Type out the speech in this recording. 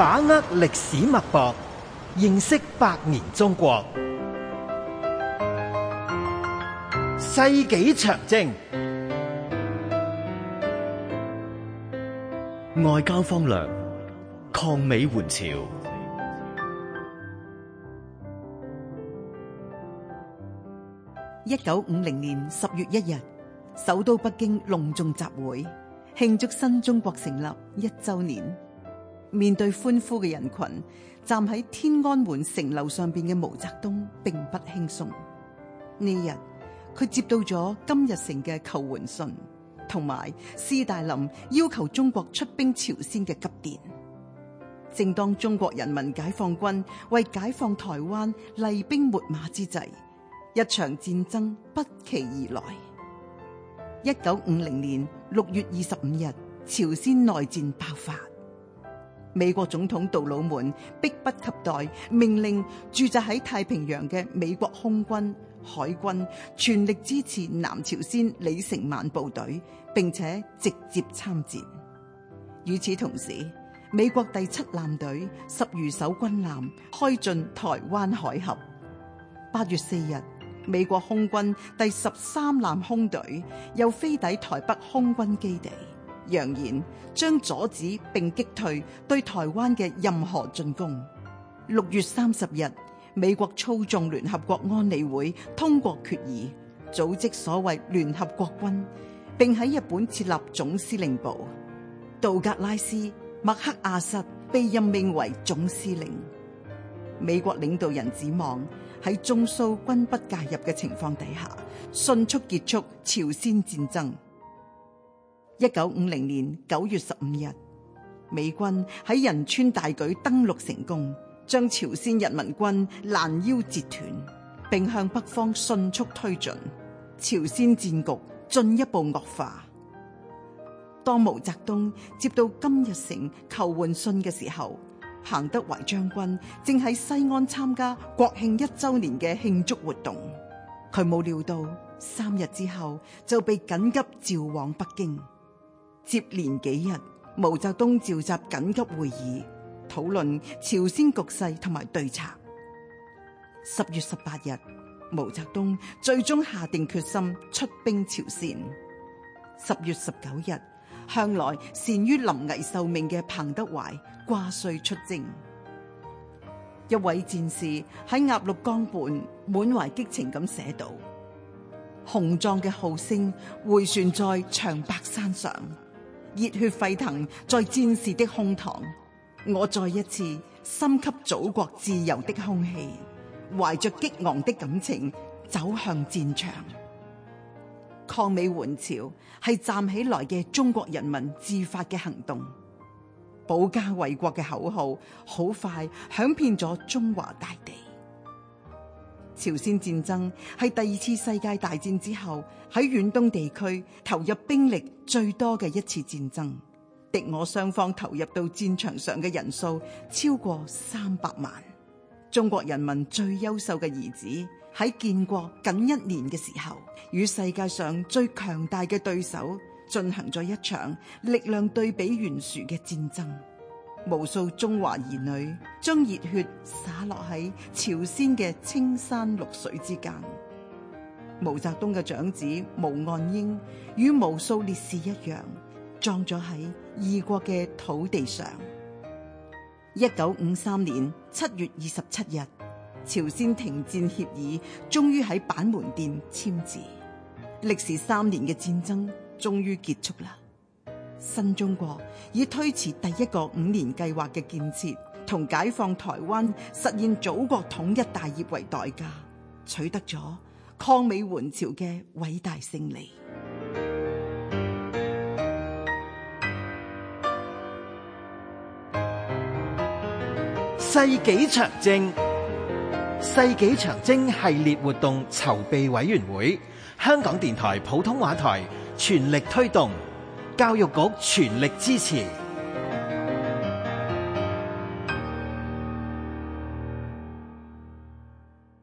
把握歷史脈搏，認識百年中國。世紀長征，外交方略，抗美援朝。一九五零年十月一日，首都北京隆重集會，慶祝新中國成立一週年。面對歡呼嘅人群，站喺天安門城樓上邊嘅毛澤東並不輕鬆。呢日佢接到咗金日成嘅求援信，同埋斯大林要求中國出兵朝鮮嘅急電。正當中國人民解放軍為解放台灣厲兵秣馬之際，一場戰爭不期而來。一九五零年六月二十五日，朝鮮內戰爆發。美國總統杜魯門迫不及待，命令駐紮喺太平洋嘅美國空軍、海軍全力支持南朝鮮李承晚部隊，並且直接參戰。與此同時，美國第七艦隊十餘艘軍艦開進台灣海峽。八月四日，美國空軍第十三艦空隊又飛抵台北空軍基地。揚言將阻止並擊退對台灣嘅任何進攻。六月三十日，美國操縱聯合國安理會通過決議，組織所謂聯合國軍，並喺日本設立總司令部。道格拉斯·麥克阿瑟被任命為總司令。美國領導人指望喺中蘇軍不介入嘅情況底下，迅速結束朝鮮戰爭。一九五零年九月十五日，美軍喺仁川大舉登陸成功，將朝鮮人民軍攔腰截斷，並向北方迅速推進，朝鮮戰局進一步惡化。當毛澤東接到金日成求援信嘅時候，彭德懷將軍正喺西安參加國慶一周年嘅慶祝活動，佢冇料到三日之後就被緊急召往北京。接連幾日，毛澤東召集緊急會議，討論朝鮮局勢同埋對策。十月十八日，毛澤東最終下定決心出兵朝鮮。十月十九日，向來善於臨危受命嘅彭德懷掛帥出征。一位戰士喺鴨綠江畔滿懷激情咁寫道：雄壯嘅號聲迴旋在長白山上。熱血沸騰在戰士的胸膛，我再一次深吸祖國自由的空氣，懷着激昂的感情走向戰場。抗美援朝係站起來嘅中國人民自發嘅行動，保家衛國嘅口號好快響遍咗中華大地。朝鮮戰爭係第二次世界大戰之後喺遠東地區投入兵力最多嘅一次戰爭，敵我雙方投入到戰場上嘅人數超過三百萬。中國人民最優秀嘅兒子喺建國僅一年嘅時候，與世界上最強大嘅對手進行咗一場力量對比懸殊嘅戰爭。無數中華兒女將熱血灑落喺朝鮮嘅青山綠水之間。毛澤東嘅長子毛岸英與無數烈士一樣，葬咗喺異國嘅土地上。一九五三年七月二十七日，朝鮮停戰協議終於喺板門店簽字，歷時三年嘅戰爭終於結束啦。新中國以推遲第一個五年計劃嘅建設同解放台灣、實現祖國統一大業為代價，取得咗抗美援朝嘅偉大勝利。世紀長征、世紀長征系列活動籌備委員會，香港電台普通話台全力推動，教育局全力支持。